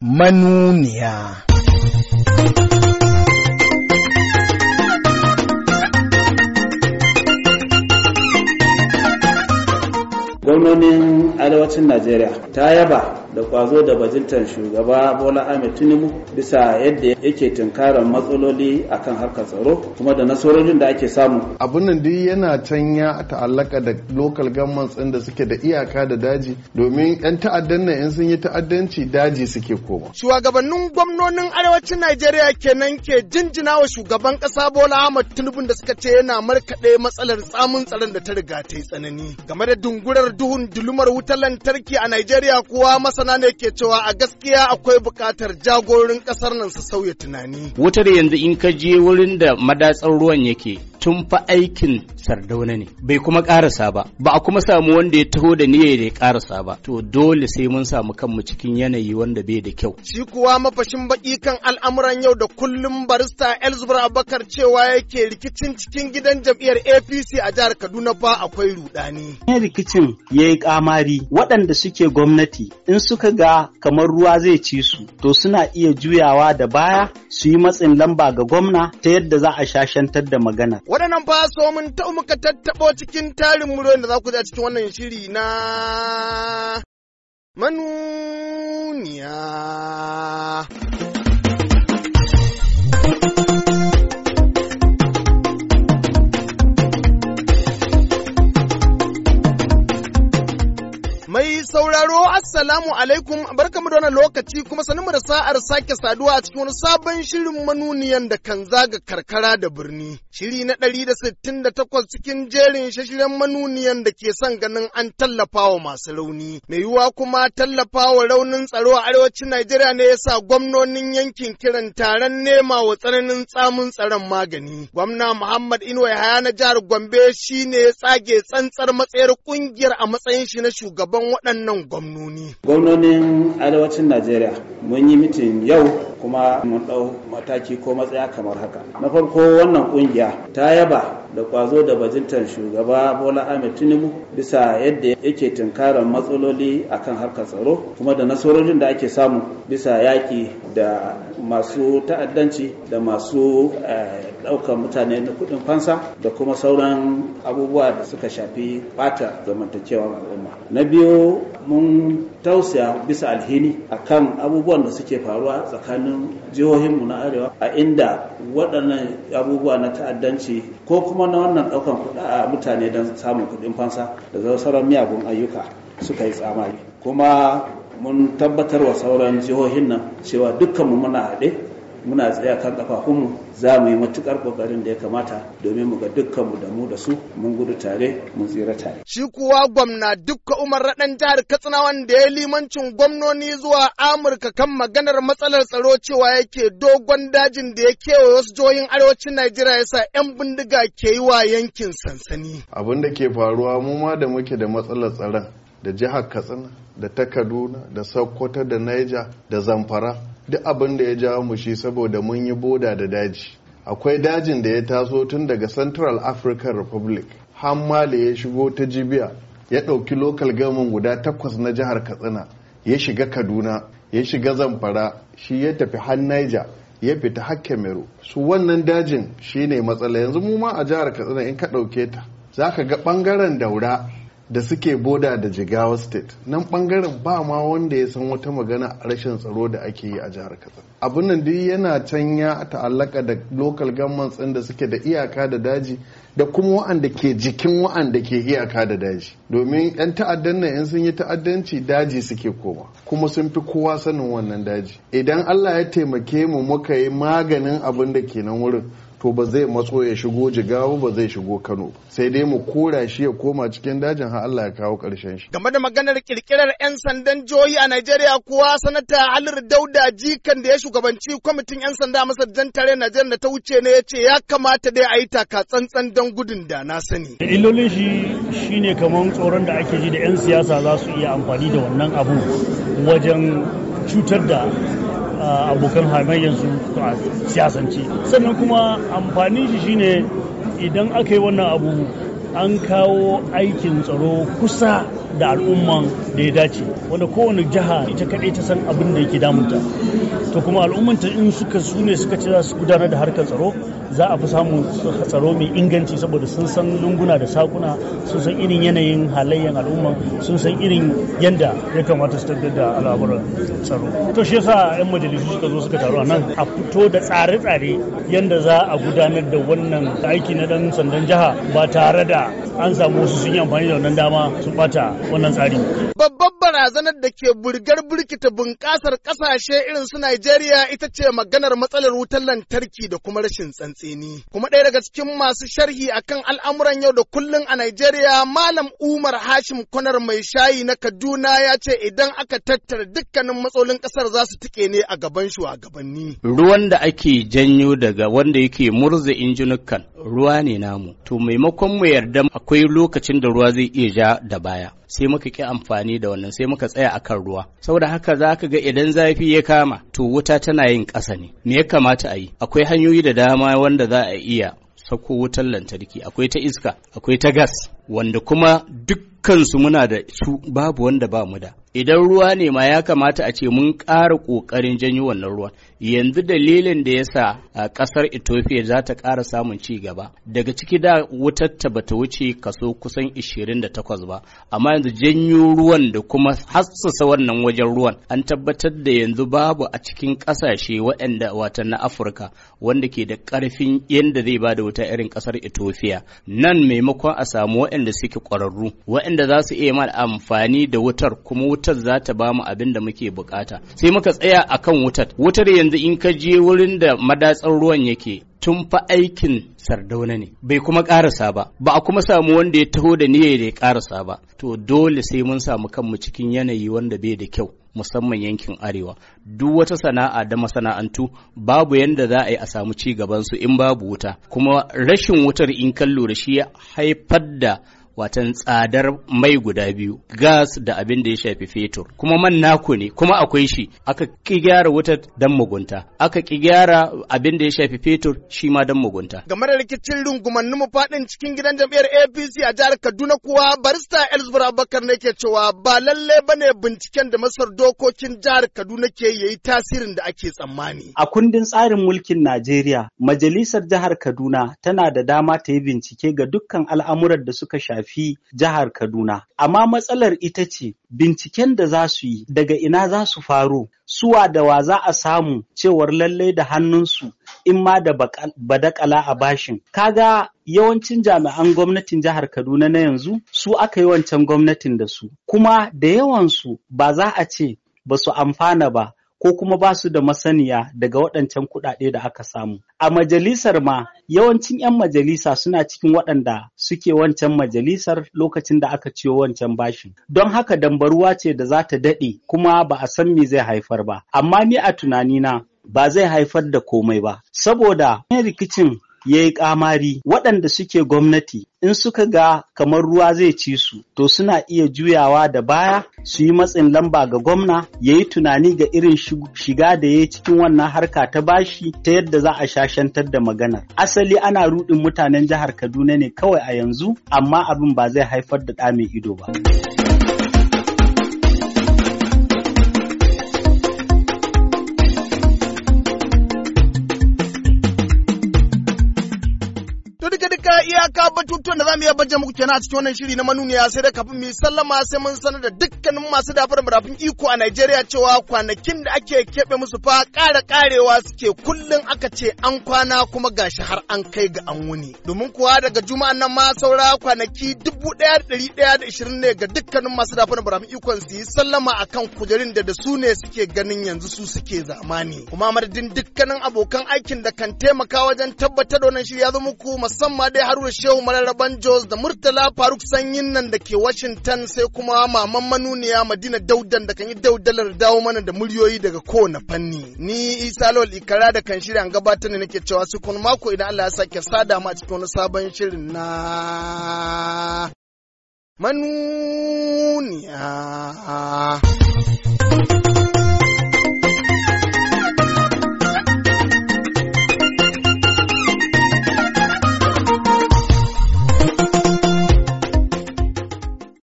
manuniya. Gwamnonin Arewacin Najeriya ta yaba da kwazo da bajintar shugaba bola ahmed tinubu bisa yadda yake tunkarar matsaloli akan harkar tsaro kuma da nasarorin da ake samu abun nan duk yana can ya ta'allaka da local governments din da suke da iyaka da daji domin yan ta'addan nan in sun yi ta'addanci daji suke koma shugabannin gwamnonin arewacin najeriya kenan ke jinjina wa shugaban kasa bola ahmed tinubu da suka ce yana markaɗe matsalar tsamin tsaron da ta riga ta yi tsanani game da dungurar duhun dulumar wutar lantarki a najeriya kuwa masa. masana ne ke cewa a gaskiya akwai bukatar jagorin kasar nan su sauya tunani. Wutar yanzu in ka je wurin da madatsar ruwan yake tun fa aikin sardauna ne bai kuma karasa ba ba a kuma samu wanda ya taho da niyyar ya karasa ba to dole sai mun samu kanmu cikin yanayi wanda bai da kyau shi kuwa mafashin baki kan al'amuran yau da kullum barista elzbar abakar cewa yake rikicin cikin gidan jam'iyyar apc a jihar kaduna ba akwai rudani rikicin ya yi kamari waɗanda suke gwamnati in su suka ga kamar ruwa zai ci su to suna iya juyawa da baya su yi matsin lamba ga gwamna ta yadda za a shashantar da magana. Wadannan ba su mun ta muka tattaɓo cikin tarin muryoyin da za ku ji cikin wannan shiri na manuniya. Assalamu alaikum barkamu da wani lokaci kuma sanin da sa'ar sake saduwa a cikin wani sabon shirin manuniyan da kan zaga karkara da birni. Shiri na ɗari da sittin da takwas cikin jerin shashiren manuniyan da ke son ganin an tallafawa masu rauni. Mai yiwuwa kuma tallafawa raunin tsaro a arewacin Najeriya ne yasa gwamnonin yankin kiran taron nema wa tsananin tsamun tsaron magani. Gwamna Muhammad Inuwa Yahaya na jihar Gombe shine ya tsage tsantsar matsayar ƙungiyar a matsayin shi na shugaban waɗannan gwamnoni. gwamnonin arewacin najeriya mun yi mitin yau kuma mun ɗau mataki ko matsaya kamar haka na farko wannan ƙungiya ta yaba da ƙwazo da bajintar shugaba bola ahmed tinubu bisa yadda yake tunkarar matsaloli akan harkar tsaro kuma da nasarorin da ake samu bisa yaƙi da masu ta'addanci da masu eh, ɗaukar mutane na kuɗin fansa da kuma sauran abubuwa da suka shafi ɓata zamantakewar al'umma na biyu mun tausaya bisa a kan abubuwan da suke faruwa tsakanin jihohinmu na arewa a inda waɗannan abubuwa na ta'addanci ko kuma na wannan ɗaukan kuɗa a mutane don samun kuɗin fansa da sauran miyagun ayyuka suka yi tsamari kuma mun tabbatar wa sauran jihohin nan cewa dukkanmu muna haɗe muna tsaye kan kafafunmu za mu yi matukar kokarin da ya kamata domin mu ga dukkanmu da mu da su mun gudu tare mun tsira tare. Shi kuwa gwamna dukka Umar Raɗan jihar Katsina wanda ya limancin gwamnoni zuwa Amurka kan maganar matsalar tsaro cewa yake dogon dajin da ya kewaye wasu jihohin arewacin Najeriya yasa 'yan bindiga ke yi wa yankin sansani. Abin da ke faruwa mu ma da muke da matsalar tsaron da jihar Katsina da ta Kaduna da Sokoto da Niger da Zamfara duk abin da ya jawo mu shi saboda mun yi boda da daji akwai dajin da ya taso tun daga central african republic har mali ya shigo ta jibiya ya ɗauki local gamin guda takwas na jihar katsina ya shiga kaduna ya shiga zamfara shi ya tafi har niger ya fita har cameroon su wannan dajin shine matsala yanzu mu ma a jihar katsina in ka ɗauke ta za ka ga ɓangaren daura da suke boda da jigawa state nan bangaren ba ma wanda ya san wata magana rashin tsaro da ake yi a jihar katsina abin nan yana can ya ta'allaka da local governments da suke da iyaka da daji da kuma wa'anda ke jikin wa'anda ke iyaka da daji domin 'yan ta'addan nan 'yan sun yi ta'addanci daji suke koma kuma sun fi kowa sanin wannan daji idan allah ya taimake mu muka yi maganin abin da ke nan wurin to ba zai matso ya shigo jigawa ba zai shigo kano sai dai mu kora shi ya koma cikin dajin har Allah ya kawo karshen shi game da maganar kirkirar yan sandan jihohi a Najeriya kuwa sanata Alir Dauda Jikan da ya shugabanci kwamitin yan sanda jan tare Najeriya da ta wuce ne ya ce ya kamata dai a yi taka tsantsan dan gudun da na sani illolin shi shine kaman tsoron da ake ji da yan siyasa za su iya amfani da wannan abu wajen cutar da abokan hamayyansu a siyasance sannan kuma amfanin shi shine idan aka yi wannan abu an kawo aikin tsaro kusa da al'umman da ya dace wanda kowane jiha ita kaɗai ta san abin da yake damunta to kuma ta in suka su ne suka ce za su gudanar da harkar tsaro za a fi samun tsaro mai inganci saboda sun san lunguna da sakuna sun san irin yanayin halayen al'umma sun san irin yanda ya kamata su tafiyar da al'amuran tsaro to shi yasa yan majalisu suka zo suka taru a nan a fito da tsare-tsare yanda za a gudanar da wannan aiki na dan sandan jiha ba tare da an samu wasu sun yi amfani da wannan dama su bata wannan tsari. Babbar barazanar da ke burgar burkita bunƙasar ƙasashe irin su Najeriya ita ce maganar matsalar wutar lantarki da kuma rashin tsantseni. Kuma ɗaya daga cikin masu sharhi akan al'amuran yau da kullum a Najeriya Malam Umar Hashim Kwanar mai shayi na Kaduna ya ce idan aka tattara dukkanin matsalolin ƙasar za su tike ne a gaban shugabanni. Ruwan da ake janyo daga wanda yake murza injinukan ruwa ne namu. To maimakon mu yarda akwai lokacin da ruwa zai iya ja da baya sai muka ki amfani da wannan sai muka tsaya a kan ruwa saboda haka za ka ga idan zafi ya kama to wuta tana yin ƙasa ne me ya kamata a yi akwai hanyoyi da dama wanda za a iya sauko wutar lantarki akwai ta iska akwai ta gas wanda kuma duk dukkansu muna da su babu wanda ba mu da idan ruwa ne ma ya kamata a ce mun ƙara ƙoƙarin janyo wannan ruwan yanzu dalilin da ya sa a ƙasar ethiopia za ta ƙara samun ci gaba daga ciki da wutar ta bata wuce kaso kusan 28 ba amma yanzu janyo ruwan da kuma hassasa wannan wajen ruwan an tabbatar da yanzu babu a cikin ƙasashe waɗanda wata na afirka wanda ke da ƙarfin yadda zai bada wuta irin ƙasar ethiopia nan maimakon a samu waɗanda suke ƙwararru waɗanda waɗanda za su iya mana amfani da wutar kuma wutar za ta ba mu abin da muke bukata sai muka tsaya akan wutar wutar yanzu in ka je wurin da madatsar ruwan yake tun fa aikin sardauna ne bai kuma karasa ba ba a kuma samu wanda ya taho da niyyar ya karasa ba to dole sai mun samu kanmu cikin yanayi wanda bai da kyau musamman yankin arewa duk wata sana'a da masana'antu babu yanda za a yi a samu ci gaban in babu wuta kuma rashin wutar in kallo da shi ya haifar da watan tsadar mai guda biyu gas da abin da ya shafi fetur kuma man naku ne kuma akwai shi aka ki gyara wutar dan mugunta aka ki gyara abin da ya shafi fetur shi ma dan mugunta game da rikicin rungumar numu fadin cikin gidan jam'iyyar APC a jihar Kaduna kuwa barista Elsbur Abubakar ne ke cewa ba lalle bane binciken da masar dokokin jihar Kaduna ke yayi tasirin da ake tsammani a kundin tsarin mulkin Najeriya majalisar jihar Kaduna tana da dama ta yi bincike ga dukkan al'amuran da suka shafi tafi jihar Kaduna. Amma matsalar ita ce binciken da za su yi daga ina za su faro, suwa da wa za a samu cewar lallai da hannunsu in ma da badakala a bashin. Kaga yawancin jami'an gwamnatin jihar Kaduna na yanzu su aka yi wancan gwamnatin da su, kuma da yawansu ba za a ce ba su amfana ba. ko kuma ba su da masaniya daga waɗancan kuɗaɗe da aka samu. A majalisar ma yawancin 'yan majalisa suna cikin waɗanda suke wancan majalisar lokacin da aka ciyo wancan bashin. Don haka dambaruwa ce da za ta daɗe kuma ba a san me zai haifar ba. Amma ni a tunanina ba zai haifar da komai ba. Saboda rikicin ya yi kamari waɗanda suke gwamnati in suka ga kamar ruwa zai ci su to suna iya juyawa da baya su yi matsin lamba ga gwamna ya yi tunani ga irin shiga da ya yi cikin wannan harka ta bashi ta yadda za a shashantar da maganar asali ana ruɗin mutanen jihar kaduna ne kawai a yanzu amma abin ba zai haifar da ɗa mai ido ba. go batutuwan da za mu yi bajja muku kenan a cikin wannan shiri na manuniya sai da kafin mu sallama sai mun sanar da dukkanin masu dafar murafin iko a Najeriya cewa kwanakin da ake keɓe musu fa ƙara ƙarewa suke kullum aka ce an kwana kuma gashi har an kai ga an wuni. Domin kuwa daga juma'an nan ma saura kwanaki dubu ɗaya da ɗari ɗaya da ishirin ne ga dukkanin masu dafar murafin ikon su yi sallama akan kujerin da da su ne suke ganin yanzu su suke zamani. Kuma madadin dukkanin abokan aikin da kan taimaka wajen tabbatar da wannan shiri ya zo muku musamman dai Haruna Shehu mararraban Jos da Murtala Faruk Sanyin nan da ke Washington sai kuma maman manuniya Madina Daudan da kan yi daudalar dawo mana da muryoyi daga kowane fanni. Ni Isa Lawal Ikara da kan shirya gabatar da nake cewa su kun mako idan Allah ya sake sada ma a cikin wani sabon shirin na manuniya.